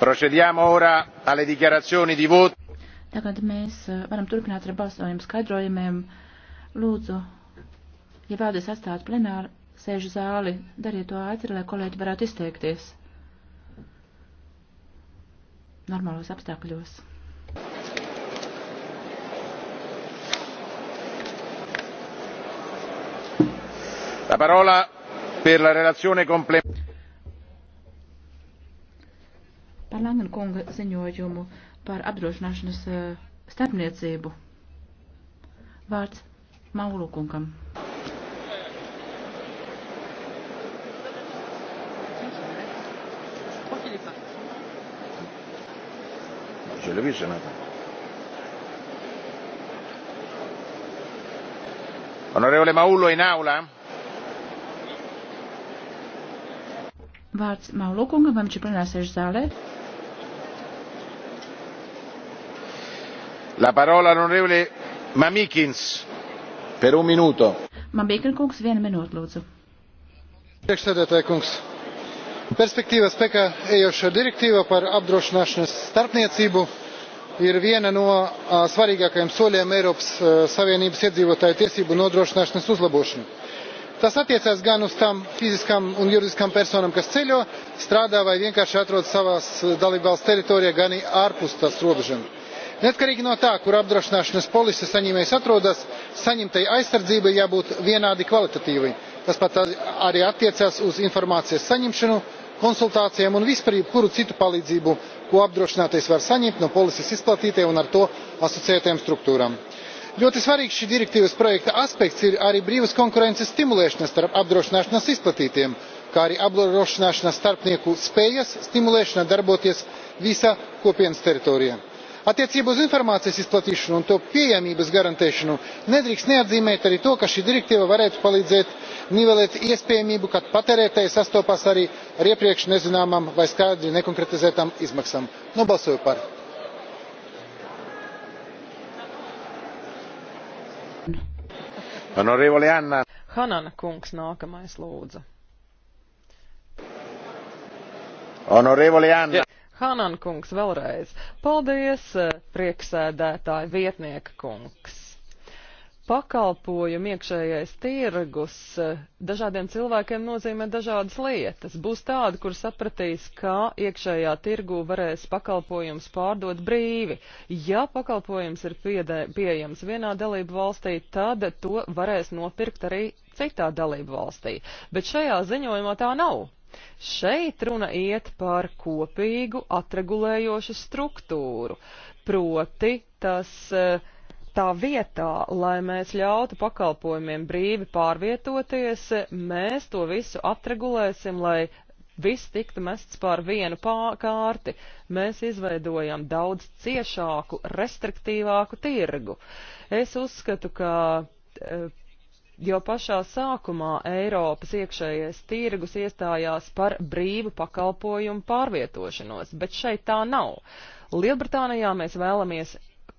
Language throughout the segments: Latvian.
Procediamo ora alle dichiarazioni di voto. Tagad mēs eh, varam turpināt ar balsojumu skaidrojumiem. Lūdzu, ja vēlaties atstāt plenāru sēžu zāli, dariet to ātri, lai kolēģi varētu izteikties normālos apstākļos. La parola per la relazione complementare. par Langenkunga ziņojumu par apdrošināšanas eh, starpniecību. Vārds Maulukungam. Je l'ai vu ce matin. Onorevole Maullo in aula. Vārds Maulukungam, vai viņš ir plenāsēžu zālē? La parola onorevole Mamikins per un minūto. Mamikins kungs, viena minūte, lūdzu. Priekšsēdētāja kungs, perspektīva spēkā ejoša direktīva par apdrošināšanas starpniecību ir viena no svarīgākajiem soļiem Eiropas Savienības iedzīvotāju tiesību nodrošināšanas uzlabošanu. Tas attiecās gan uz tām fiziskām un juridiskām personām, kas ceļo, strādā vai vienkārši atrodas savās dalībvalsts teritorijā, gan arī ārpus tās robežām neatkarīgi no tā kur apdrošināšanas polise saņēmējs atrodas saņemtai aizsardzībai jābūt vienādi kvalitatīvai tas pats arī attiecas uz informācijas saņemšanu konsultācijām un vispār jebkuru citu palīdzību ko apdrošinātais var saņemt no polises izplatītājiem un ar to asociētajām struktūrām. ļoti svarīgs šī direktīvas projekta aspekts ir arī brīvas konkurences stimulēšana starp apdrošināšanas izplatītājiem kā arī apdrošināšanas starpnieku spējas stimulēšana darboties visa kopienas teritorijā attiecībā uz informācijas izplatīšanu un to pieejamības garantēšanu nedrīkst neatzīmēt arī to ka šī direktīva varētu palīdzēt nivelēt iespējamību ka patērētāji sastopas arī ar iepriekš nezināmām vai skaidri nekonkretizētām izmaksām. nobalsoju nu, par. Hanana kungs nākamais lūdzu. Honorevole Anna. Hanan kungs vēlreiz. Paldies, eh, prieksēdētāji vietnieka kungs. Pakalpojumu iekšējais tirgus eh, dažādiem cilvēkiem nozīmē dažādas lietas. Būs tādi, kur sapratīs, kā iekšējā tirgū varēs pakalpojums pārdot brīvi. Ja pakalpojums ir piedē, pieejams vienā dalību valstī, tad to varēs nopirkt arī citā dalību valstī. Bet šajā ziņojumā tā nav. Šeit runa iet par kopīgu atregulējošu struktūru, proti tas eh, tā vietā, lai mēs ļautu pakalpojumiem brīvi pārvietoties, mēs to visu atregulēsim, lai viss tiktu mests pār vienu kārti. Mēs izveidojam daudz ciešāku, restriktīvāku tirgu. Es uzskatu, ka eh, jo pašā sākumā Eiropas iekšējais tirgus iestājās par brīvu pakalpojumu pārvietošanos, bet šeit tā nav. Lielbritānijā mēs vēlamies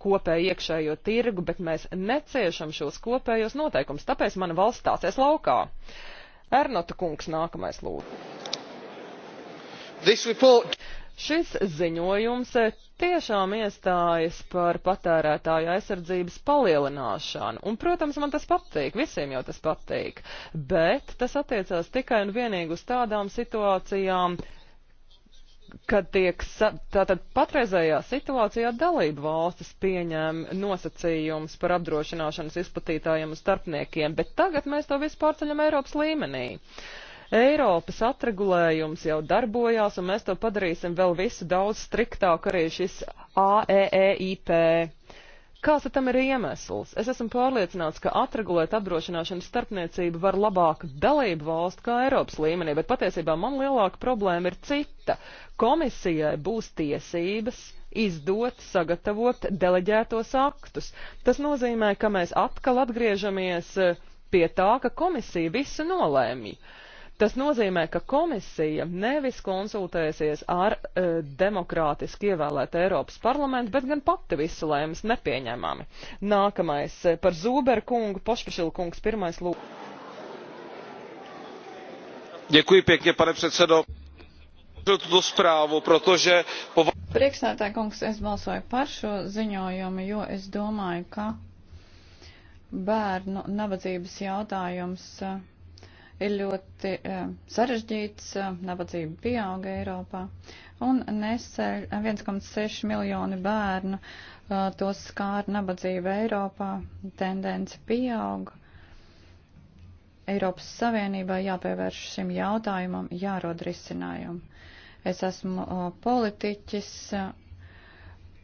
kopēju iekšējo tirgu, bet mēs neciešam šos kopējos noteikumus, tāpēc mana valsts stāsies laukā. Ernota kungs nākamais lūdzu report... Šis ziņojums tiešām iestājas par patērētāju aizsardzības palielināšanu, un, protams, man tas patīk, visiem jau tas patīk, bet tas attiecās tikai un vienīgi uz tādām situācijām, kad tiek, tātad patreizējā situācijā dalību valstis pieņem nosacījums par apdrošināšanas izplatītājiem un starpniekiem, bet tagad mēs to visu pārceļam Eiropas līmenī. Uh, Eiropas atregulējums jau darbojās, un mēs to padarīsim vēl visu daudz striktāk arī šis AEEIP. Kāds tam ir iemesls? Es esmu pārliecināts, ka atregulēt apdrošināšanas starpniecību var labāk dalību valstu kā Eiropas līmenī, bet patiesībā man lielāka problēma ir cita. Komisijai būs tiesības izdot, sagatavot deleģētos aktus. Tas nozīmē, ka mēs atkal atgriežamies eh, pie tā, ka komisija visu nolēmīja. Tas nozīmē, ka komisija nevis konsultēsies ar e, demokrātiski ievēlētu Eiropas parlamentu, bet gan pati visu lēmas nepieņemami. Nākamais e, par Zūberu kungu, Pošpašilu kungs, pirmais lūk. Děkuji pěkně, pane předsedo. Tuto zprávu, protože... Priekšsētāj kungs, es balsoju par šo ziņojumu, jo es domāju, ka bērnu nabadzības jautājums uh, ir ļoti eh, sarežģīts, eh, nabadzība pieauga Eiropā un neseļ 1,6 eh, miljoni bērnu tos skāra nabadzība Eiropā, tendence pieauga. Eiropas Savienībai jāpievērš šim jautājumam, jārod risinājumu. Es esmu politiķis,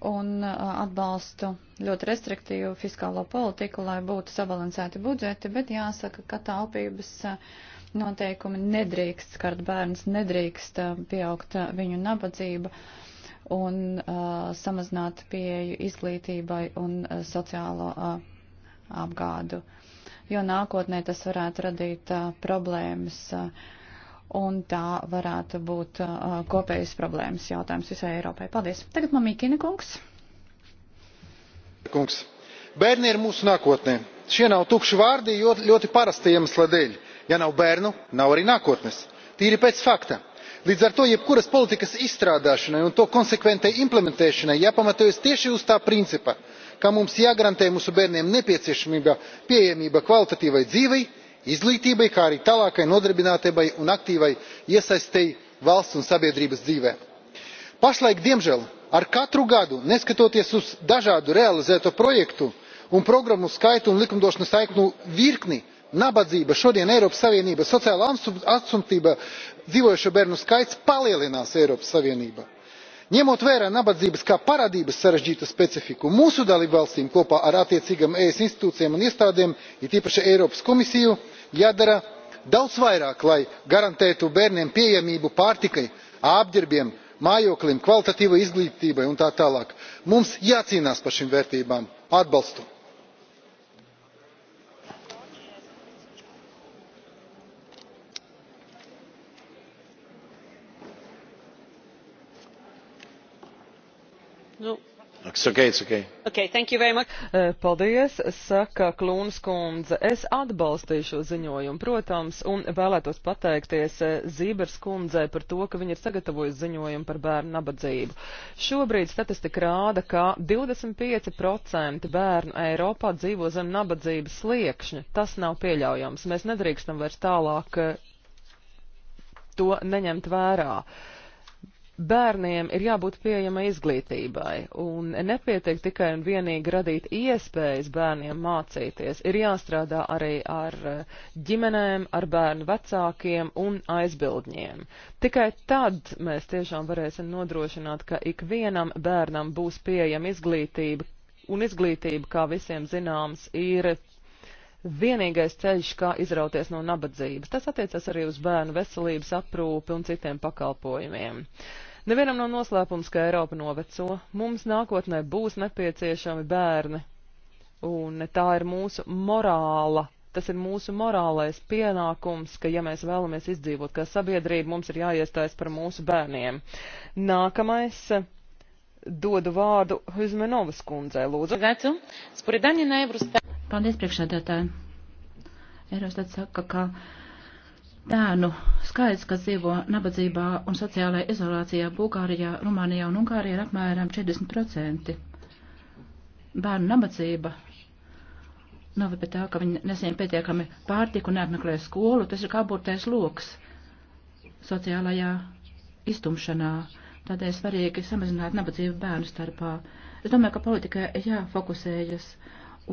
un uh, atbalstu ļoti restriktīvu fiskālo politiku, lai būtu sabalansēti budžeti, bet jāsaka, ka taupības uh, noteikumi nedrīkst skart bērns, nedrīkst uh, pieaugt viņu nabadzība un uh, samazināt pieeju izglītībai un uh, sociālo uh, apgādu, jo nākotnē tas varētu radīt uh, problēmas. Uh, un tā varētu būt uh, kopējas problēmas jautājums visai Eiropai. Paldies. Tagad man Mīkina kungs. Kungs, bērni ir mūsu nākotnē. Šie nav tukši vārdi ļoti, ļoti parasta iemesla dēļ. Ja nav bērnu, nav arī nākotnes. Tīri pēc fakta. Līdz ar to jebkuras politikas izstrādāšanai un to konsekventai implementēšanai jāpamatojas tieši uz tā principa, ka mums jāgarantē mūsu bērniem nepieciešamība, pieejamība kvalitatīvai dzīvei, izglītībai kā arī tālākai nodarbinātībai un aktīvai iesaistei valsts un sabiedrības dzīvē. pašlaik diemžēl ar katru gadu neskatoties uz dažādu realizēto projektu un programmu skaitu un likumdošanas saikņu virkni nabadzība šodien eiropas savienības sociālā atstumtībā dzīvojošo bērnu skaits palielinās eiropas savienībā. ņemot vērā nabadzības kā parādības sarežģīto specifiku mūsu dalībvalstīm kopā ar attiecīgajām es institūcijām un iestādēm it īpaši eiropas komisiju jādara daudz vairāk lai garantētu bērniem pieejamību pārtikai apģērbiem mājoklim kvalitatīvai izglītībai un tā tālāk. mums jācīnās par šīm vērtībām. atbalstu! Nu, Okay, okay. Okay, e, Paldies, saka Klūnas kundze. Es atbalstīju šo ziņojumu, protams, un vēlētos pateikties e, Zībers kundzei par to, ka viņa ir sagatavojusi ziņojumu par bērnu nabadzību. Šobrīd statistika rāda, ka 25% bērnu Eiropā dzīvo zem nabadzības sliekšņa. Tas nav pieļaujams. Mēs nedrīkstam vairs tālāk e, to neņemt vērā. Uh, bērniem ir jābūt pieejama izglītībai, un nepietiek tikai un vienīgi radīt iespējas bērniem mācīties, ir jāstrādā arī ar eh, ģimenēm, ar bērnu vecākiem un aizbildņiem. Tikai tad mēs tiešām varēsim nodrošināt, ka ikvienam bērnam būs pieejama izglītība, un izglītība, kā visiem zināms, ir vienīgais ceļš, kā izrauties no nabadzības. Tas attiecas arī uz bērnu veselības aprūpi un citiem pakalpojumiem. Uh, Nevienam nav no noslēpums, ka Eiropa noveco. Mums nākotnē būs nepieciešami bērni. Un tā ir mūsu morāla. Tas ir mūsu morālais pienākums, ka, ja mēs vēlamies izdzīvot kā sabiedrība, mums ir jāiestājas par mūsu bērniem. Nākamais dodu vārdu Huzmenovas kundzei, lūdzu. Paldies, priekšsēdētāji. Eurostat saka, ka bērnu skaits, kas dzīvo nabadzībā un sociālajā izolācijā Bulgārijā, Rumānijā un Ungārijā ir apmēram 40%. Bērnu nabadzība noved pie tā, ka viņi nesiem pietiekami pārtiku un neapmeklē skolu. Tas ir kā burtais loks sociālajā iztumšanā. Tādēļ svarīgi samazināt nabadzību bērnu starpā. Es domāju, ka politikai jāfokusējas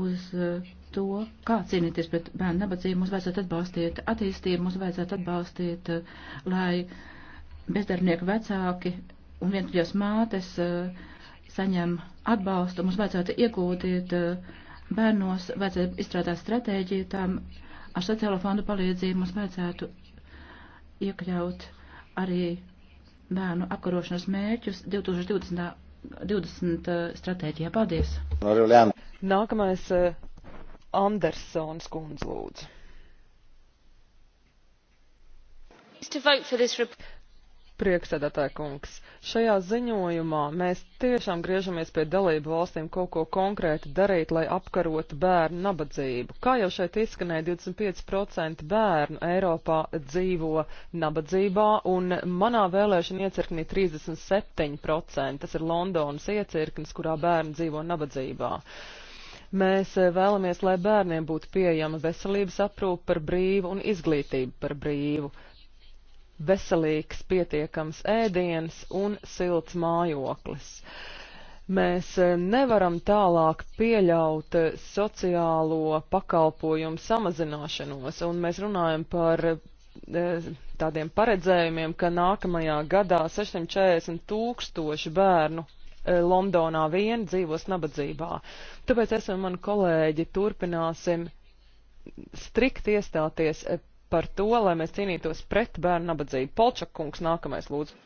uz uh, to, kā cīnīties pret bērnu nabadzību, mums vajadzētu atbalstīt attīstību, mums vajadzētu atbalstīt, eh, lai bezdarbnieku vecāki un vientuļās mātes eh, saņem atbalstu, mums vajadzētu iegūtīt eh, bērnos, vajadzētu izstrādāt stratēģiju tam, ar sociālo fondu palīdzību mums vajadzētu iekļaut arī bērnu apkarošanas mērķus 2020. 20 stratēģijā. Paldies! Nākamais Andersons kundz lūdzu. Prieksēdētāja kungs, šajā ziņojumā mēs tiešām griežamies pie dalību valstīm kaut ko konkrēti darīt, lai apkarotu bērnu nabadzību. Kā jau šeit izskanēja, 25% bērnu Eiropā dzīvo nabadzībā, un manā vēlēšana iecirknī 37%, tas ir Londonas iecirknis, kurā bērni dzīvo nabadzībā. Uh, Mēs eh, vēlamies, lai bērniem būtu pieejama veselības aprūpe par brīvu un izglītība par brīvu, veselīgs, pietiekams ēdiens un silts mājoklis. Mēs eh, nevaram tālāk pieļaut eh, sociālo pakalpojumu samazināšanos, un mēs runājam par tādiem paredzējumiem, ka nākamajā gadā 640 tūkstoši bērnu Eh, Londonā vien dzīvos nabadzībā. Tāpēc es un mani kolēģi turpināsim strikt iestāties eh, par to, lai mēs cīnītos pret bērnu nabadzību. Polčakungs, nākamais lūdzu.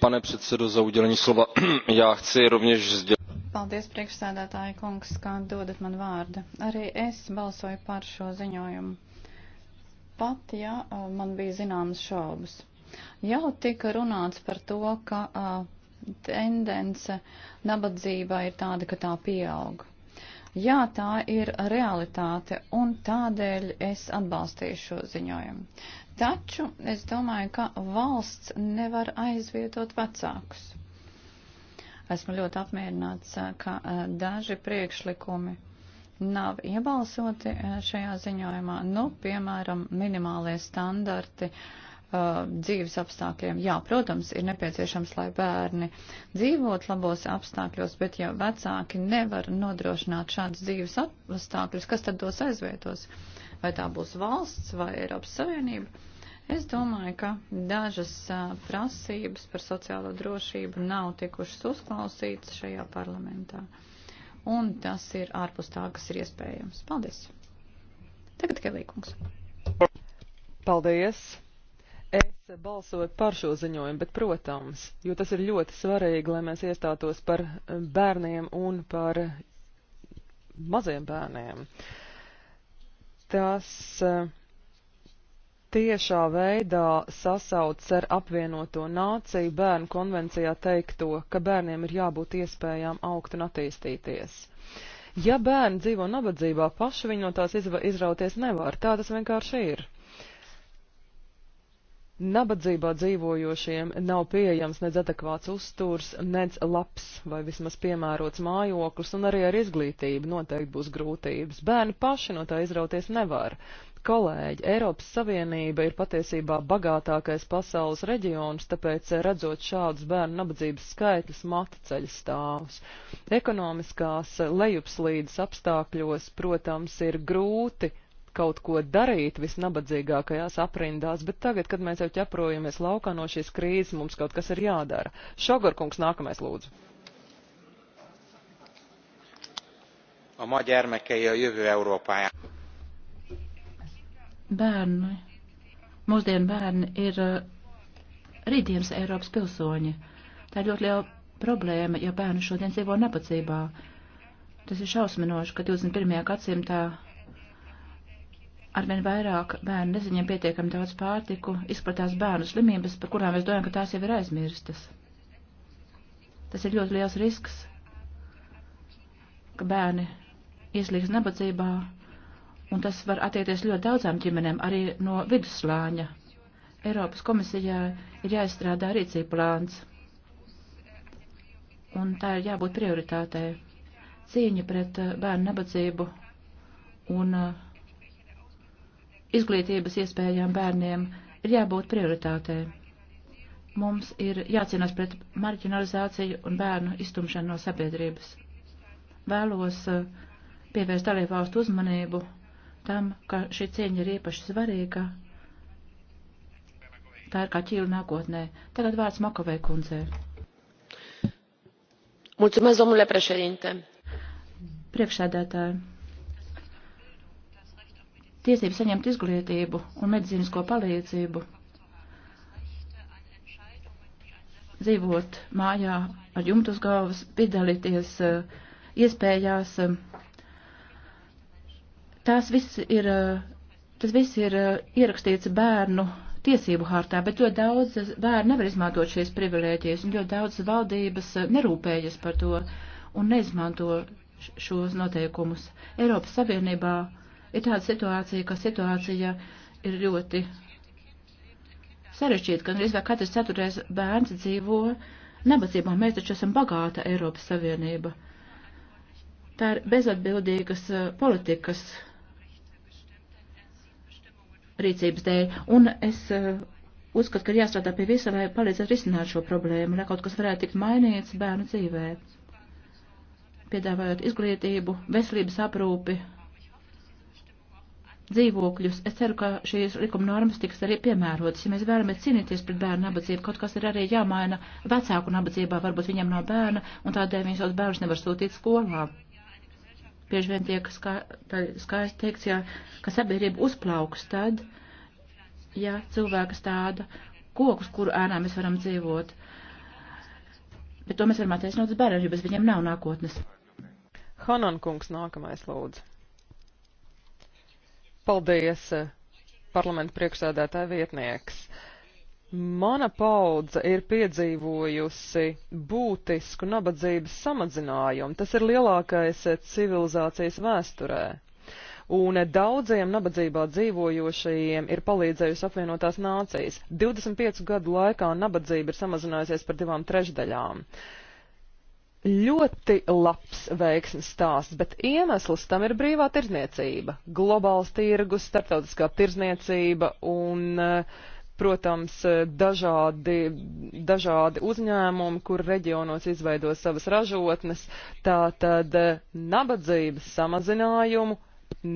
Pane predsedo, za udělení slova. Já chci rovněž sdělit. Paldies, priekšsēdētāji kungs, kā dodat man vārdu. Arī es balsoju par šo ziņojumu. Pat, ja eh, man bija zināmas šaubas. Jau tika runāts par to, ka uh, tendence nabadzība ir tāda, ka tā pieaug. Jā, tā ir realitāte, un tādēļ es atbalstīšu šo ziņojumu. Taču es domāju, ka valsts nevar aizvietot vecākus. Esmu ļoti apmierināts, ka daži priekšlikumi nav iebalsoti šajā ziņojumā, nu, piemēram, minimālie standarti uh, Uh, dzīves apstākļiem. Jā, protams, ir nepieciešams, lai bērni dzīvot labos apstākļos, bet ja vecāki nevar nodrošināt šādas dzīves apstākļus, kas tad tos aizvietos? Vai tā būs valsts vai Eiropas Savienība? Es domāju, ka dažas uh, prasības par sociālo drošību nav tikušas uzklausītas šajā parlamentā. Un tas ir ārpus tā, kas ir iespējams. Paldies! Tagad Kelīkungs. Paldies! es balsoju par šo ziņojumu, bet, protams, jo tas ir ļoti svarīgi, lai mēs iestātos par bērniem un par maziem bērniem. Tas eh, tiešā veidā sasauc ar apvienoto nāciju bērnu konvencijā teikto, ka bērniem ir jābūt iespējām augt un attīstīties. Ja bērni dzīvo nabadzībā, paši viņi no tās izrauties nevar, tā tas vienkārši ir. Nabadzībā dzīvojošiem nav pieejams nedz adekvāts uzturs, nedz labs vai vismaz piemērots mājoklis, un arī ar izglītību noteikti būs grūtības. Bērni paši no tā izrauties nevar. Kolēģi, Eiropas Savienība ir patiesībā bagātākais pasaules reģions, tāpēc redzot šādus bērnu nabadzības skaitļus, mati ceļ stāvus. Ekonomiskās lejupslīdes apstākļos, protams, ir grūti kaut ko darīt visnabadzīgākajās aprindās, bet tagad, kad mēs jau ķeprojamies laukā no šīs krīzes, mums kaut kas ir jādara. Šogarkungs nākamais lūdzu. A ma gyermekei a jövő Európájá. Bērni, mūsdienu bērni ir uh, rītdienas Eiropas pilsoņi. Tā ir ļoti liela problēma, ja bērni šodien dzīvo nabadzībā. Tas ir šausminoši, ka 21. gadsimtā arvien vairāk bērnu neziņiem pietiekami daudz pārtiku, izplatās bērnu slimības, par kurām mēs domājam, ka tās jau ir aizmirstas. Tas ir ļoti liels risks, ka bērni ieslīgs nabadzībā, un tas var attiekties ļoti daudzām ģimenēm, arī no vidusslāņa. Eiropas komisijā ir jāizstrādā rīcība plāns, un tā ir jābūt prioritātei. Cīņa pret uh, bērnu nabadzību un uh, izglītības iespējām bērniem ir jābūt prioritātē. Mums ir jācīnās pret marginalizāciju un bērnu iztumšanu no sabiedrības. Vēlos eh, pievērst dalībvalstu uzmanību tam, ka šī cieņa ir īpaši svarīga. Tā ir kā ķīla nākotnē. Tagad vārds Makovei kundzei. Mulțumesc, domnule președinte. Priekšsēdētāji tiesības saņemt izglītību un medicīnisko palīdzību, dzīvot mājā ar jumtu uz galvas, piedalīties eh, iespējās. Eh, tās viss ir, eh, tas viss ir ierakstīts bērnu tiesību hārtā, bet ļoti daudz bērnu nevar izmantot šīs privilēģijas, un ļoti daudz valdības nerūpējas par to un neizmanto šos noteikumus. Eiropas Savienībā uh, ir tāda situācija, ka situācija ir ļoti sarežģīta, ka drīz vai katrs ceturtais bērns dzīvo nabadzībā. Mēs taču esam bagāta Eiropas Savienība. Tā ir bezatbildīgas eh, politikas rīcības dēļ. Un es eh, uzskatu, ka ir jāstrādā pie visa, lai palīdzētu risināt šo problēmu, lai kaut kas varētu tikt mainīts bērnu dzīvē, piedāvājot izglītību, veselības aprūpi dzīvokļus. Es ceru, ka šīs likuma normas tiks arī piemērotas. Ja mēs vēlamies cīnīties pret bērnu nabadzību, kaut kas ir arī jāmaina vecāku nabadzībā, varbūt viņam nav bērna, un tādēļ viņš savus bērnus nevar sūtīt skolā. Bieži vien tiek ska, skaisti teikts, ja, ka sabiedrība uzplauks tad, ja cilvēks tāda kokus, kuru ēnā mēs varam dzīvot. Bet to mēs varam attaisnot uz bērniem, jo bez viņiem nav nākotnes. Hanan kungs nākamais lūdzu. Paldies, eh, parlamenta priekšsēdētāja vietnieks. Mana paudze ir piedzīvojusi būtisku nabadzības samazinājumu. Tas ir lielākais eh, civilizācijas vēsturē. Un eh, daudziem nabadzībā dzīvojošajiem ir palīdzējusi apvienotās nācijas. 25 gadu laikā nabadzība ir samazinājusies par divām trešdaļām. Uh, ļoti labs veiksmes stāsts, bet iemesls tam ir brīvā tirzniecība, globāls tirgus, starptautiskā tirzniecība un, eh, protams, dažādi, dažādi uzņēmumi, kur reģionos izveido savas ražotnes, tātad eh, nabadzības samazinājumu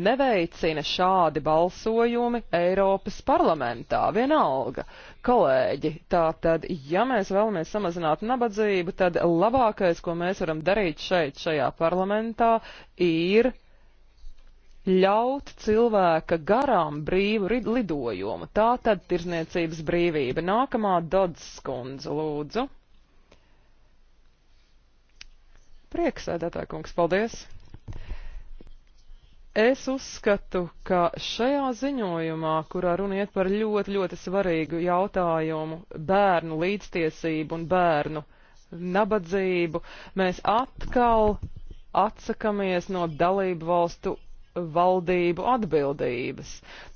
neveicina šādi balsojumi Eiropas parlamentā. Vienalga, kolēģi, tā tad, ja mēs vēlamies samazināt nabadzību, tad labākais, ko mēs varam darīt šeit, šajā parlamentā, ir ļaut cilvēka garām brīvu lidojumu. Tā tad tirzniecības brīvība. Nākamā Dods skundze, lūdzu. Prieksēdētāj kungs, paldies! Es uzskatu, ka šajā ziņojumā, kurā runa iet par ļoti, ļoti svarīgu jautājumu bērnu līdztiesību un bērnu nabadzību, mēs atkal atsakamies no dalību valstu valdību atbildības.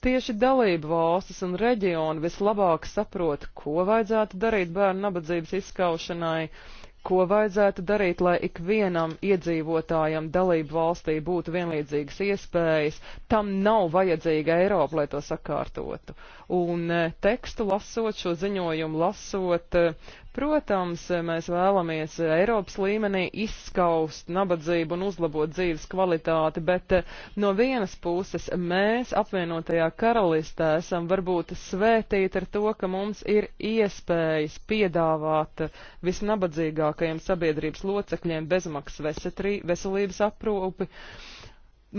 Tieši dalību valstis un reģioni vislabāk saprot, ko vajadzētu darīt bērnu nabadzības izskaušanai, uh, ko vajadzētu darīt, lai ikvienam iedzīvotājam dalību valstī būtu vienlīdzīgas iespējas, tam nav vajadzīga Eiropa, lai to sakārtotu. Un eh, tekstu lasot, šo ziņojumu lasot, eh, Protams, mēs vēlamies Eiropas līmenī izskaust nabadzību un uzlabot dzīves kvalitāti, bet eh, no vienas puses mēs apvienotajā karalistē esam varbūt svētīti ar to, ka mums ir iespējas piedāvāt visnabadzīgākajiem sabiedrības locekļiem bezmaksas veselības aprūpi. Uh,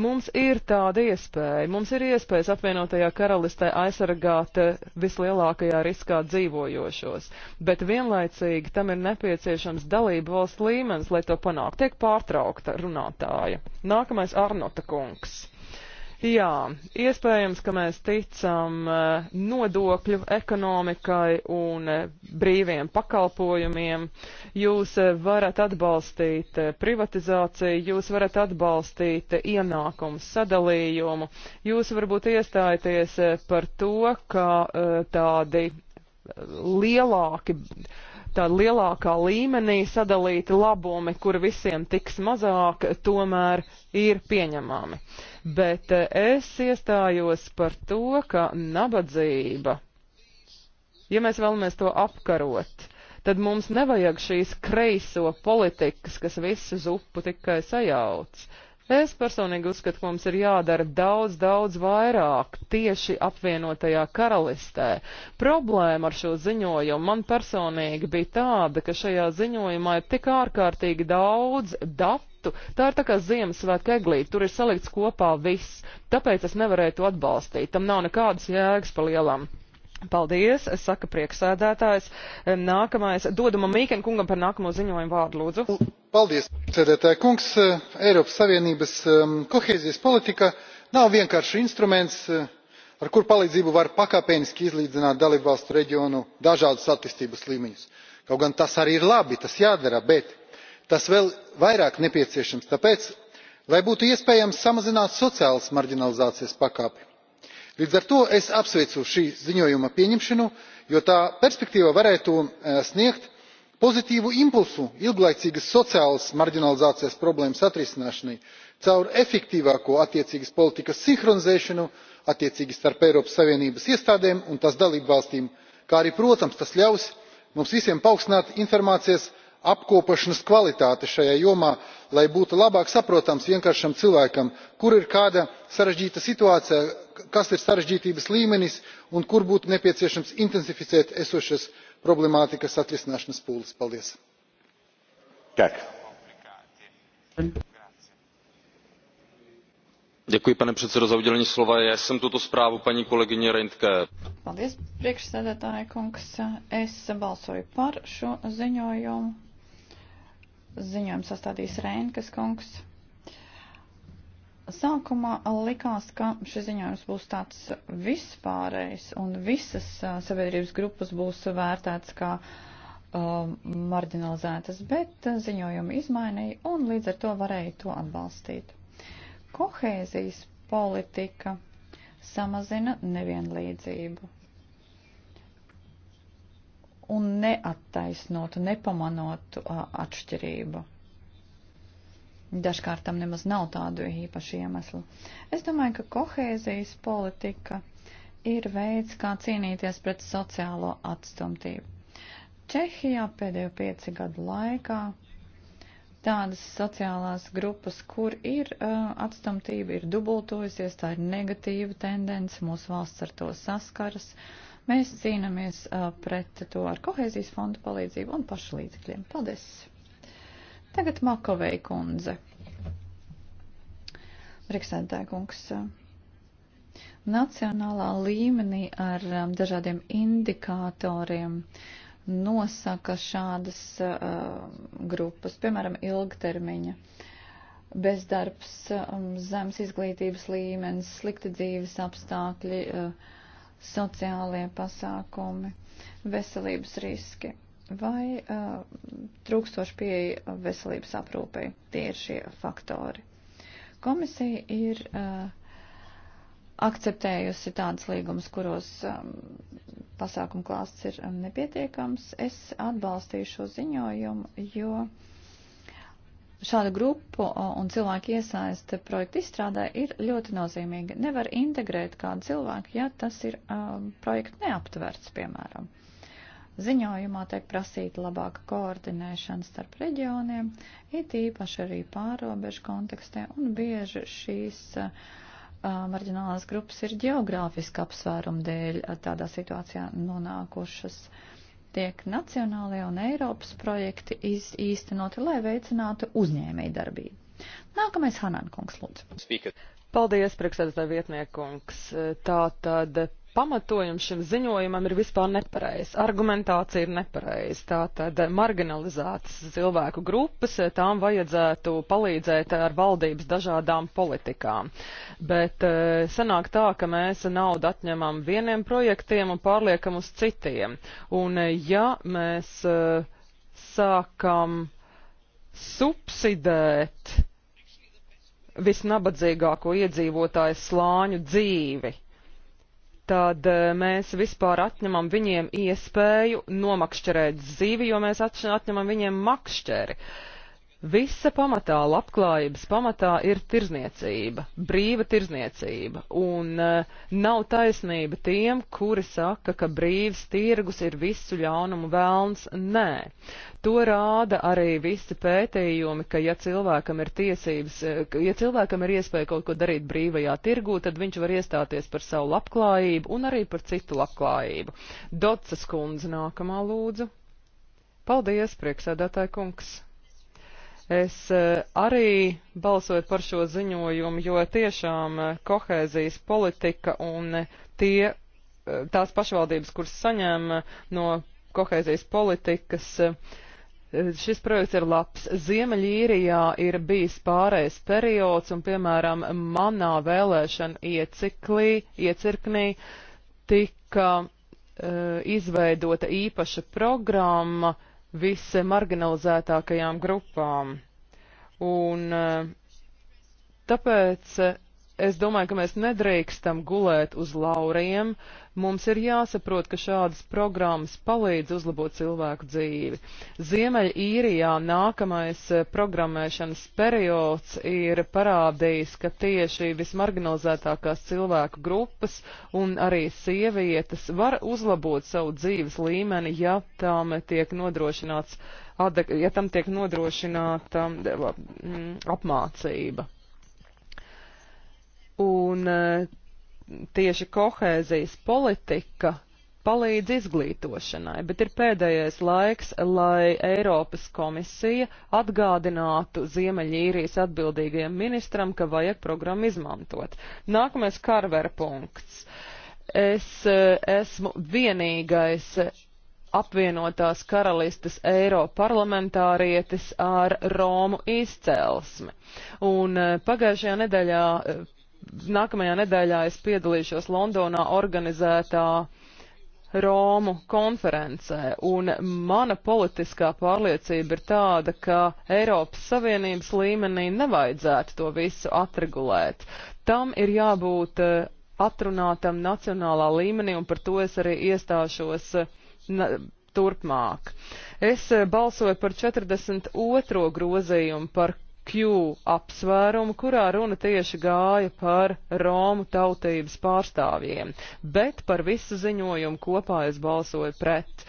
mums ir tāda iespēja. Mums ir iespējas apvienotajā karalistē aizsargāt eh, vislielākajā riskā dzīvojošos, bet vienlaicīgi tam ir nepieciešams dalību valsts līmenis, lai to panāktu. Tiek pārtraukta runātāja. Nākamais Arnota kungs. Jā, iespējams, ka mēs ticam eh, nodokļu ekonomikai un eh, brīviem pakalpojumiem. Jūs eh, varat atbalstīt privatizāciju, jūs varat atbalstīt ienākumu sadalījumu, jūs varbūt iestājaties par to, ka tādi lielāki tā lielākā līmenī sadalīti labumi, kur visiem tiks mazāk, tomēr ir pieņemami. Bet eh, es iestājos par to, ka nabadzība, ja mēs vēlamies to apkarot, tad mums nevajag šīs kreiso politikas, kas visus upu tikai sajauc. Es personīgi uzskatu, ka mums ir jādara daudz, daudz vairāk tieši apvienotajā karalistē. Problēma ar šo ziņojumu man personīgi bija tāda, ka šajā ziņojumā ir tik ārkārtīgi daudz datu. Tā ir tā kā Ziemassvētku eglīte, tur ir salikts kopā viss, tāpēc es nevarēju to atbalstīt. Tam nav nekādas jēgas pa lielam. Paldies, saka prieksēdētājs. Nākamais, dodama Mīken kungam par nākamo ziņojumu vārdu, lūdzu. Paldies, prieksēdētāja kungs. Eiropas Savienības kohēzijas politika nav vienkārši instruments, ar kur palīdzību var pakāpeniski izlīdzināt dalībvalstu reģionu dažādus attīstības līmeņus. Kaut gan tas arī ir labi, tas jādara, bet tas vēl vairāk nepieciešams tāpēc, lai būtu iespējams samazināt sociālas marginalizācijas pakāpi līdz ar to es apsveicu šī ziņojuma pieņemšanu jo tā perspektīva varētu e, sniegt pozitīvu impulsu ilglaicīgas sociālas marginalizācijas problēmas atrisināšanai caur efektīvāku attiecīgas politikas sinhronizēšanu attiecīgi starp eiropas savienības iestādēm un tās dalībvalstīm kā arī protams tas ļaus mums visiem paaugstināt informācijas apkopošanas kvalitāti šajā jomā lai būtu labāk saprotams vienkāršam cilvēkam kur ir kāda sarežģīta situācija kas ir sarežģītības līmenis un kur būtu nepieciešams intensificēt esošās problemātikas atrisināšanas pūles. paldies! pane předsedající já jsem tuto zprávu paní kolegyně reintke podpořil. es balsoju par šo ziņojumu Ziņojumu sastādījis Rēnkas kungs. Sākumā likās, ka šis ziņojums būs tāds vispārējs un visas sabiedrības grupas būs vērtēts kā um, marginalizētas, bet ziņojumu izmainīja un līdz ar to varēja to atbalstīt. Kohēzijas politika samazina nevienlīdzību un neattaisnotu, nepamanotu atšķirību. Dažkārt tam nemaz nav tādu īpašu iemeslu. Es domāju, ka kohēzijas politika ir veids, kā cīnīties pret sociālo atstumtību. Čehijā pēdējo pieci gadu laikā tādas sociālās grupas, kur ir uh, atstumtība, ir dubultojusies, tā ir negatīva tendence, mūsu valsts ar to saskaras, Mēs cīnāmies pret to ar kohēzijas fondu palīdzību un pašu līdzekļiem. Paldies! Tagad Makovei kundze. Priekšsēdētāja kungs. Nacionālā līmenī ar dažādiem indikatoriem nosaka šādas uh, grupas, piemēram, ilgtermiņa bezdarbs, um, zemes izglītības līmenis, slikti dzīves apstākļi, uh, sociālie pasākumi, veselības riski vai uh, trūkstoši pieeja veselības aprūpei. Tie ir šie faktori. Komisija ir uh, akceptējusi tādas līgumas, kuros um, pasākumu klāsts ir um, nepietiekams. Es atbalstīju šo ziņojumu, jo. Uh, Šādu grupu un cilvēku iesaiste projektu izstrādē ir ļoti nozīmīga. Nevar integrēt kādu cilvēku, ja tas ir um, projektu neaptverts, piemēram. Ziņojumā tiek prasīta labāka koordinēšana starp reģioniem, it īpaši arī pārobežu kontekstē, un bieži šīs uh, marģinālās grupas ir geogrāfiska apsvērumu dēļ tādā situācijā nonākušas. Uh, tiek nacionālajie un Eiropas projekti īstenoti, lai veicinātu uzņēmēju darbību. Nākamais Hanan kungs lūdzu. Speaker. Paldies, priekšsēdētāja vietniekungs. Tā tad pamatojums šim ziņojumam ir vispār nepareizs. Argumentācija ir nepareiza. Tātad marginalizētas cilvēku grupas, tām vajadzētu palīdzēt ar valdības dažādām politikām. Bet e, sanāk tā, ka mēs naudu atņemam vieniem projektiem un pārliekam uz citiem. Un e, ja mēs e, sākam subsidēt visnabadzīgāko iedzīvotāju slāņu dzīvi, tad eh, mēs vispār atņemam viņiem iespēju nomakšķerēt zivi, jo mēs atņemam viņiem makšķeri. Uh, Visa pamatā, labklājības pamatā ir tirzniecība, brīva tirzniecība, un uh, nav taisnība tiem, kuri saka, ka brīvs tirgus ir visu ļaunumu vēlns. Nē, to rāda arī visi pētījumi, ka ja cilvēkam ir tiesības, eh, ja cilvēkam ir iespēja kaut ko darīt brīvajā tirgū, tad viņš var iestāties par savu labklājību un arī par citu labklājību. Docas kundze nākamā lūdzu. Paldies, prieksēdētāji kungs! Es eh, arī balsoju par šo ziņojumu, jo tiešām eh, kohēzijas politika un eh, tie, tās pašvaldības, kuras saņem no kohēzijas politikas, Šis projekts ir labs. Ziemeļīrijā ir bijis pārējais periods, un, piemēram, manā vēlēšana ieciklī, iecirknī tika uh, izveidota īpaša programma uh, vismarginalizētākajām grupām. Un eh, tāpēc eh, es domāju, ka mēs nedrīkstam gulēt uz lauriem. Mums ir jāsaprot, ka šādas programmas palīdz uzlabot cilvēku dzīvi. Ziemeļa īrijā nākamais eh, programmēšanas periods ir parādījis, ka tieši vismarginalizētākās cilvēku grupas un arī sievietes var uzlabot savu dzīves līmeni, ja tam tiek nodrošināts, ja tam tiek nodrošināta mm, apmācība. Un e, tieši kohēzijas politika palīdz izglītošanai, bet ir pēdējais laiks, lai Eiropas komisija atgādinātu Ziemeļīrijas atbildīgajam ministram, ka vajag programmu izmantot. Nākamais karvera punkts. Es e, esmu vienīgais apvienotās karalistes eiro parlamentārietis ar Romu izcelsmi. Un e, pagājušajā nedēļā nākamajā nedēļā es piedalīšos Londonā organizētā Romu konferencē, un mana politiskā pārliecība ir tāda, ka Eiropas Savienības līmenī nevajadzētu to visu atregulēt. Tam ir jābūt eh, atrunātam nacionālā līmenī, un par to es arī iestāšos eh, turpmāk. Es eh, balsoju par 42. grozījumu par Q apsvērumu, kurā runa tieši gāja par Romu tautības pārstāvjiem, bet par visu ziņojumu kopā es balsoju pret.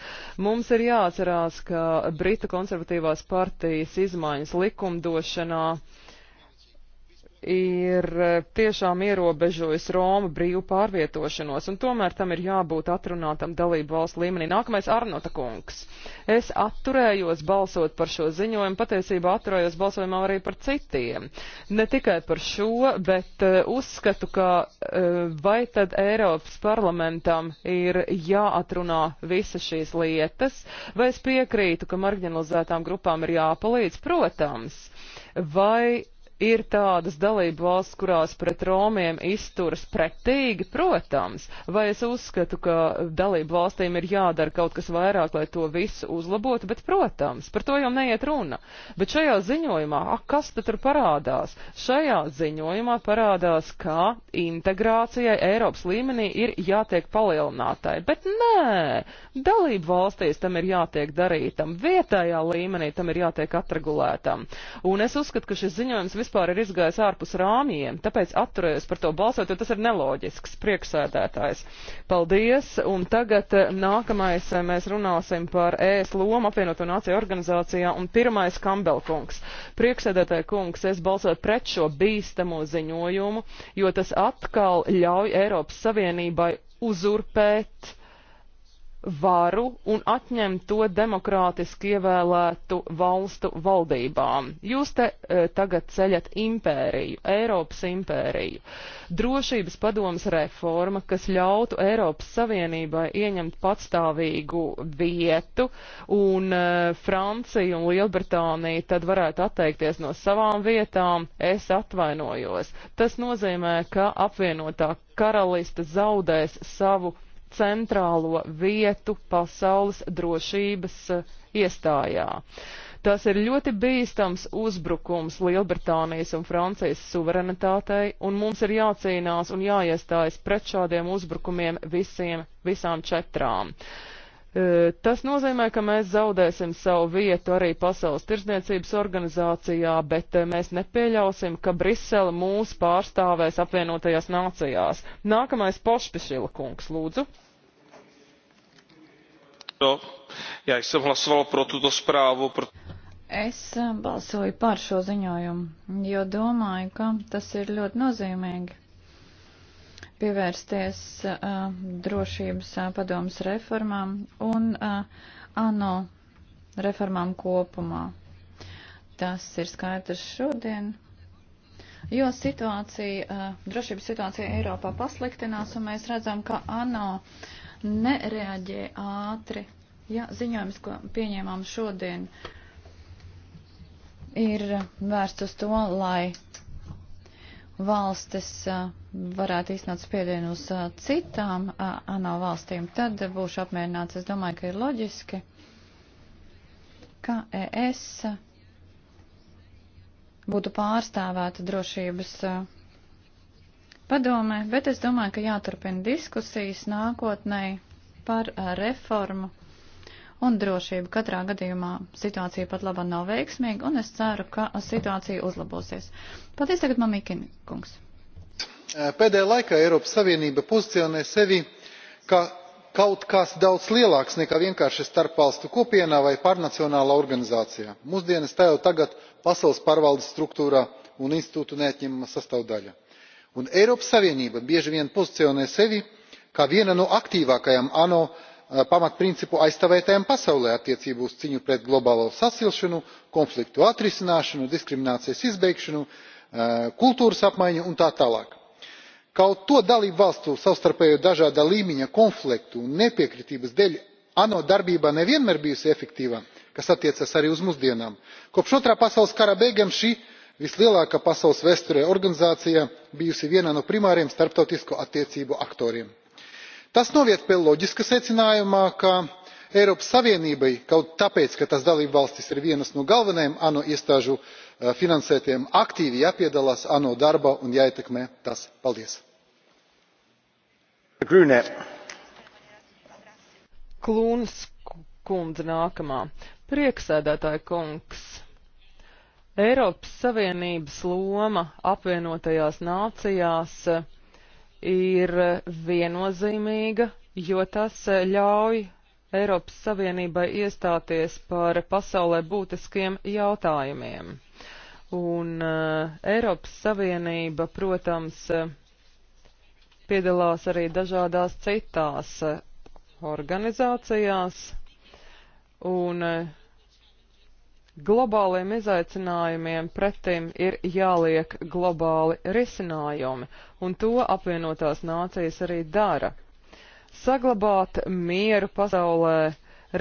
Mums ir jāatcerās, ka Brita konservatīvās partijas izmaiņas likumdošanā ir eh, tiešām ierobežojis Roma brīvu pārvietošanos, un tomēr tam ir jābūt atrunātam dalību valsts līmenī. Nākamais Arnota kungs. Es atturējos balsot par šo ziņojumu, patiesībā atturējos balsojumā arī par citiem. Ne tikai par šo, bet uh, uzskatu, ka uh, vai tad Eiropas parlamentam ir jāatrunā visas šīs lietas, vai es piekrītu, ka marginalizētām grupām ir jāpalīdz, protams, vai Ir tādas dalību valsts, kurās pret romiem izturas pretīgi, protams, vai es uzskatu, ka dalību valstīm ir jādara kaut kas vairāk, lai to visu uzlabotu, bet, protams, par to jau neiet runa. Bet šajā ziņojumā, a, kas tad tur parādās? Šajā ziņojumā parādās, ka integrācijai Eiropas līmenī ir jātiek palielinātai, bet nē, dalību valstīs tam ir jātiek darītam, vietējā līmenī tam ir jātiek atregulētam. Un es uzskatu, ka šis ziņojums vis vispār ir izgājis ārpus rāmjiem, tāpēc atturējos par to balsot, jo tas ir neloģisks priekšsēdētājs. Paldies, un tagad eh, nākamais eh, mēs runāsim par ES lomu apvienoto nāciju organizācijā, un pirmais Kambelkungs. Priekšsēdētāja kungs, es balsoju pret šo bīstamo ziņojumu, jo tas atkal ļauj Eiropas Savienībai uzurpēt varu un atņemt to demokrātiski ievēlētu valstu valdībām. Jūs te e, tagad ceļat impēriju, Eiropas impēriju. Drošības padomas reforma, kas ļautu Eiropas Savienībai ieņemt patstāvīgu vietu, un e, Francija un Lielbritānija tad varētu atteikties no savām vietām, es atvainojos. Tas nozīmē, ka apvienotā karaliste zaudēs savu centrālo vietu pasaules drošības eh, iestājā. Tas ir ļoti bīstams uzbrukums Lielbritānijas un Francijas suverenitātei, un mums ir jācīnās un jāiestājas pret šādiem uzbrukumiem visiem, visām četrām. Uh, E, tas nozīmē, ka mēs zaudēsim savu vietu arī Pasaules tirsniecības organizācijā, bet e, mēs nepieļausim, ka Brisele mūs pārstāvēs apvienotajās nācijās. Nākamais Pošpišila kungs, lūdzu. No, jā, es hlasoval pro tuto správu. Pro... Es e, balsoju par šo ziņojumu, jo domāju, ka tas ir ļoti nozīmīgi pievērsties uh, drošības uh, padomas reformām un uh, ANO reformām kopumā. Tas ir skaidrs šodien, jo situācija, uh, drošības situācija Eiropā pasliktinās un mēs redzam, ka ANO nereaģē ātri. Ja ziņojums, ko pieņēmām šodien, ir vērsts uz to, lai valstis eh, varētu iznākt spiedienu uz eh, citām eh, ANO valstīm, tad būšu apmierināts. Es domāju, ka ir loģiski, ka ES būtu pārstāvēta drošības padomē, bet es domāju, ka jāturpina diskusijas nākotnē par reformu un drošību. Katrā gadījumā situācija pat laba nav veiksmīga, un es ceru, ka situācija uzlabosies. Paldies tagad, Mamikini kungs. Pēdējā laikā Eiropas Savienība pozicionē sevi kā kaut kas daudz lielāks nekā vienkārši starpvalstu kopienā vai pārnacionālā organizācijā. mūsdienas tā jau tagad pasaules pārvaldes struktūrā un institūtu neatņemama sastāvdaļa. un eiropas savienība bieži vien pozicionē sevi kā vienu no aktīvākajām ano Eh, pamatprincipu aizstāvētājiem pasaulē attiecībā uz cīņu pret globālo sasilšanu konfliktu atrisināšanu diskriminācijas izbeigšanu eh, kultūras apmaiņu un tā tālāk. kaut to dalībvalstu savstarpējo dažāda līmeņa konfliktu un nepiekritības dēļ ano darbība nevienmēr bijusi efektīva kas attiecas arī uz mūsdienām. kopš otrā pasaules kara beigām šī vislielākā pasaules vēsturē organizācija bijusi viena no primāriem starptautisko attiecību aktoriem tas noved pie loģiska secinājuma ka eiropas savienībai kaut tāpēc ka tās dalībvalstis ir vienas no galvenajām ano iestāžu eh, finansētājām aktīvi jāpiedalās ano darbā un jāietekmē tas. paldies! Klūnas kundze nākamā. Prieksēdētāja kungs. Eiropas Savienības loma apvienotajās nācijās ir viennozīmīga, jo tas ļauj Eiropas Savienībai iestāties par pasaulē būtiskiem jautājumiem. Un uh, Eiropas Savienība, protams, piedalās arī dažādās citās eh, organizācijās, un uh, globāliem izaicinājumiem pretim ir jāliek globāli risinājumi, un to apvienotās nācijas arī dara. Saglabāt mieru pasaulē,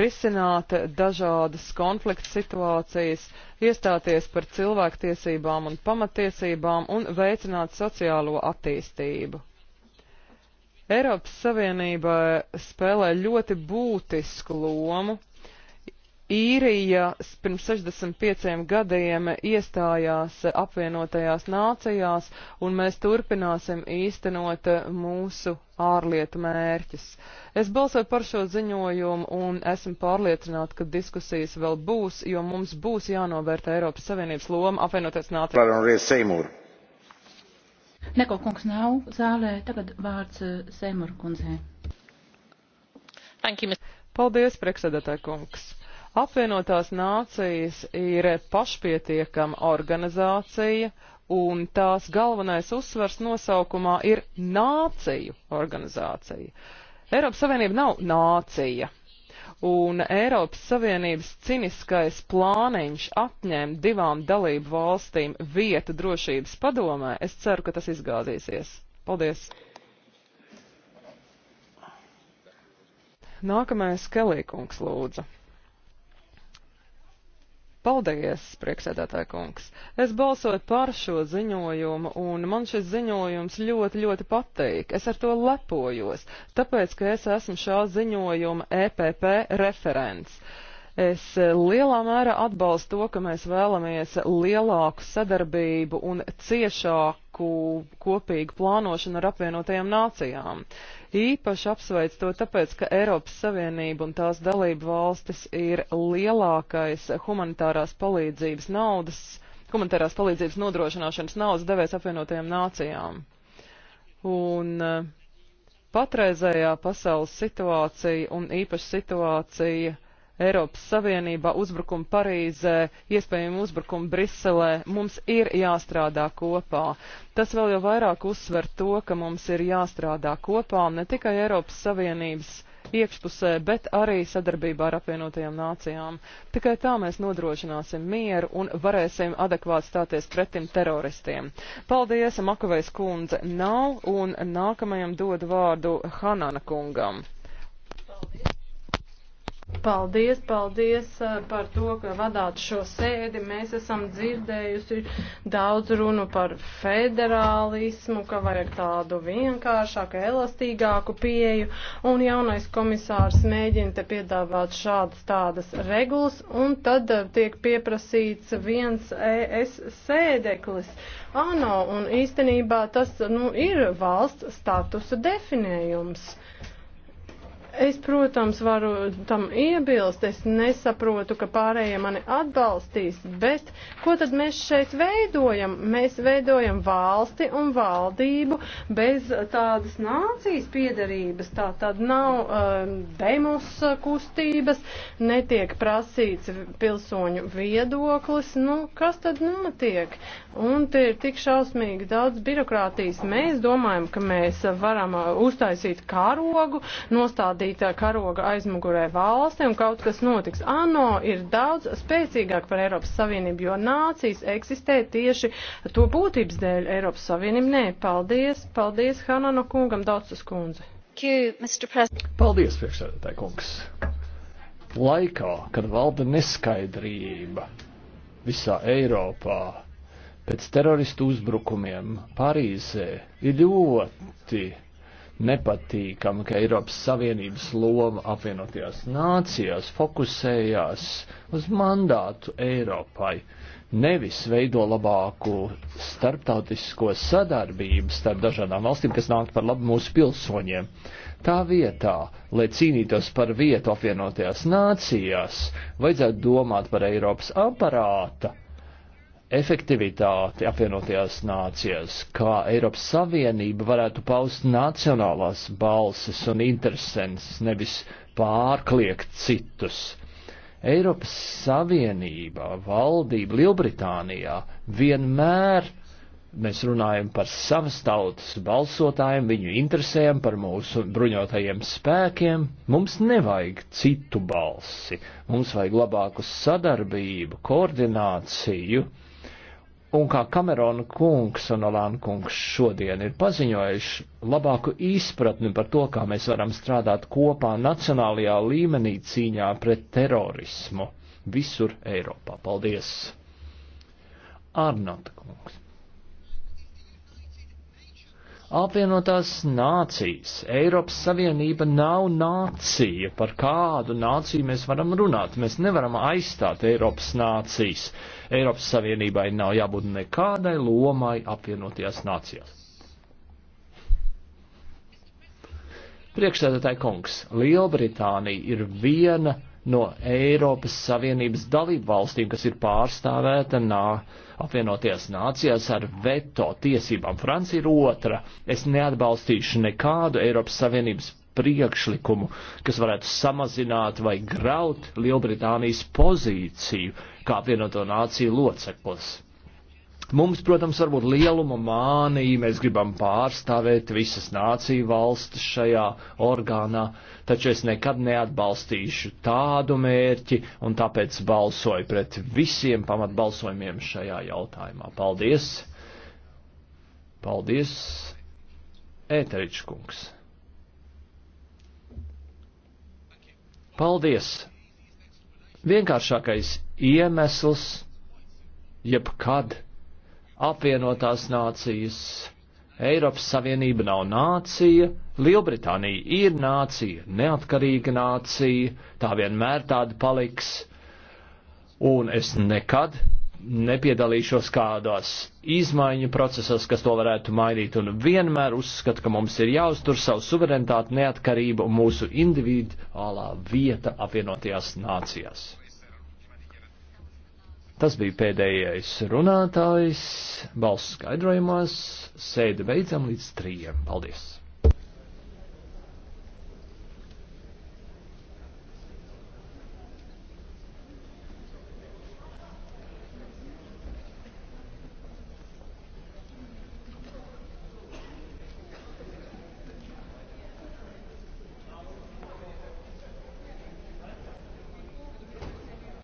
risināt dažādas konflikta situācijas, iestāties par cilvēktiesībām un pamatiesībām un veicināt sociālo attīstību. Eiropas Savienība spēlē ļoti būtisku lomu Īrija pirms 65 gadiem iestājās apvienotajās nācijās, un mēs turpināsim īstenot mūsu ārlietu mērķis. Es balsoju par šo ziņojumu, un esmu pārliecināta, ka diskusijas vēl būs, jo mums būs jānovērt Eiropas Savienības loma apvienoties nācijās. Neko kungs nav zālē, tagad vārds eh, Seimur kundzē. Paldies, priekšsēdētāj kungs. Apvienotās nācijas ir pašpietiekama organizācija, un tās galvenais uzsvars nosaukumā ir nāciju organizācija. Eiropas Savienība nav nācija, un Eiropas Savienības ciniskais plāniņš atņemt divām dalību valstīm vietu drošības padomē, es ceru, ka tas izgāzīsies. Paldies! Nākamais Kelīkungs lūdzu. Paldies, prieksēdētāja kungs. Es balsoju par šo ziņojumu, un man šis ziņojums ļoti, ļoti patīk. Es ar to lepojos, tāpēc, ka es esmu šā ziņojuma EPP referents. Es e, lielā mērā atbalstu to, ka mēs vēlamies lielāku sadarbību un ciešāku kopīgu plānošanu ar apvienotajām nācijām. Uh, Īpaši apsveic to tāpēc, ka Eiropas Savienība un tās dalību valstis ir lielākais humanitārās palīdzības naudas, humanitārās palīdzības nodrošināšanas naudas devējs apvienotajām nācijām. Un eh, patreizējā pasaules situācija un īpaši situācija Eiropas Savienībā, uzbrukumu Parīzē, iespējami uzbrukumu Briselē, mums ir jāstrādā kopā. Tas vēl jau vairāk uzsver to, ka mums ir jāstrādā kopā ne tikai Eiropas Savienības iekšpusē, bet arī sadarbībā ar apvienotajām nācijām. Tikai tā mēs nodrošināsim mieru un varēsim adekvāti stāties pretim teroristiem. Paldies, Makavejs kundze nav, un nākamajam dodu vārdu Hanana kungam. Paldies, paldies eh, par to, ka vadāt šo sēdi. Mēs esam dzirdējusi daudz runu par federālismu, ka vajag tādu vienkāršāku, elastīgāku pieeju, un jaunais komisārs mēģina te piedāvāt šādas tādas regulas, un tad eh, tiek pieprasīts viens ES sēdeklis. ANO, un īstenībā tas, nu, ir valsts statusa definējums. Es, protams, varu tam iebilst, es nesaprotu, ka pārējie mani atbalstīs, bet ko tad mēs šeit veidojam? Mēs veidojam valsti un valdību bez tādas nācijas piedarības, tā tad nav uh, demos kustības, netiek prasīts pilsoņu viedoklis, nu kas tad notiek? Un te ir tik šausmīgi daudz birokrātijas. Mēs domājam, ka mēs varam uh, uztaisīt karogu, nostādīt sadalītā karoga aizmugurē valsti un kaut kas notiks. ANO ir daudz spēcīgāk par Eiropas Savienību, jo nācijas eksistē tieši to būtības dēļ Eiropas Savienību. Nē, paldies, paldies Hanano kungam, daudzas kundze. Paldies, priekšsēdētāji kungs. Laikā, kad valda neskaidrība visā Eiropā, pēc teroristu uzbrukumiem Parīzē, ir ļoti nepatīkami, ka Eiropas Savienības loma apvienotajās nācijās fokusējās uz mandātu Eiropai, nevis veido labāku starptautisko sadarbību starp dažādām valstīm, kas nāk par labu mūsu pilsoņiem. Tā vietā, lai cīnītos par vietu apvienotajās nācijās, vajadzētu domāt par Eiropas aparāta efektivitāti apvienotajās nācijās, kā Eiropas Savienība varētu paust nacionālās balses un intereses, nevis pārkliegt citus. Eiropas Savienība, valdība Lielbritānijā vienmēr mēs runājam par savas tautas balsotājiem, viņu interesēm, par mūsu bruņotajiem spēkiem. Mums nevajag citu balsi, mums vajag labāku sadarbību, koordināciju Un kā Kamerona kungs un Olāna kungs šodien ir paziņojuši labāku izpratni par to, kā mēs varam strādāt kopā nacionālajā līmenī cīņā pret terorismu visur Eiropā. Paldies! Arnota kungs apvienotās nācijas. Eiropas Savienība nav nācija. Par kādu nāciju mēs varam runāt? Mēs nevaram aizstāt Eiropas nācijas. Eiropas Savienībai nav jābūt nekādai lomai apvienotajās nācijās. Priekšstādātāji kungs, Lielbritānija ir viena no Eiropas Savienības dalību valstīm, kas ir pārstāvēta nā, apvienoties nācijās ar veto tiesībām. Francija ir otra. Es neatbalstīšu nekādu Eiropas Savienības priekšlikumu, kas varētu samazināt vai graut Lielbritānijas pozīciju kā apvienoto nāciju loceklis. Mums, protams, varbūt lieluma mānija, mēs gribam pārstāvēt visas nāciju valstis šajā orgānā, taču es nekad neatbalstīšu tādu mērķi un tāpēc balsoju pret visiem pamatbalsojumiem šajā jautājumā. Paldies! Paldies, Ēteričs kungs! Paldies! Vienkāršākais iemesls jebkad apvienotās nācijas. Eiropas Savienība nav nācija, Lielbritānija ir nācija, neatkarīga nācija, tā vienmēr tāda paliks, un es nekad nepiedalīšos kādās izmaiņu procesos, kas to varētu mainīt, un vienmēr uzskatu, ka mums ir jāuztur savu suverenitāti, neatkarību un mūsu individuālā vieta apvienotajās nācijās. Tas bija pēdējais runātājs, balss skaidrojumās, sēde beidzam līdz trījiem. Paldies!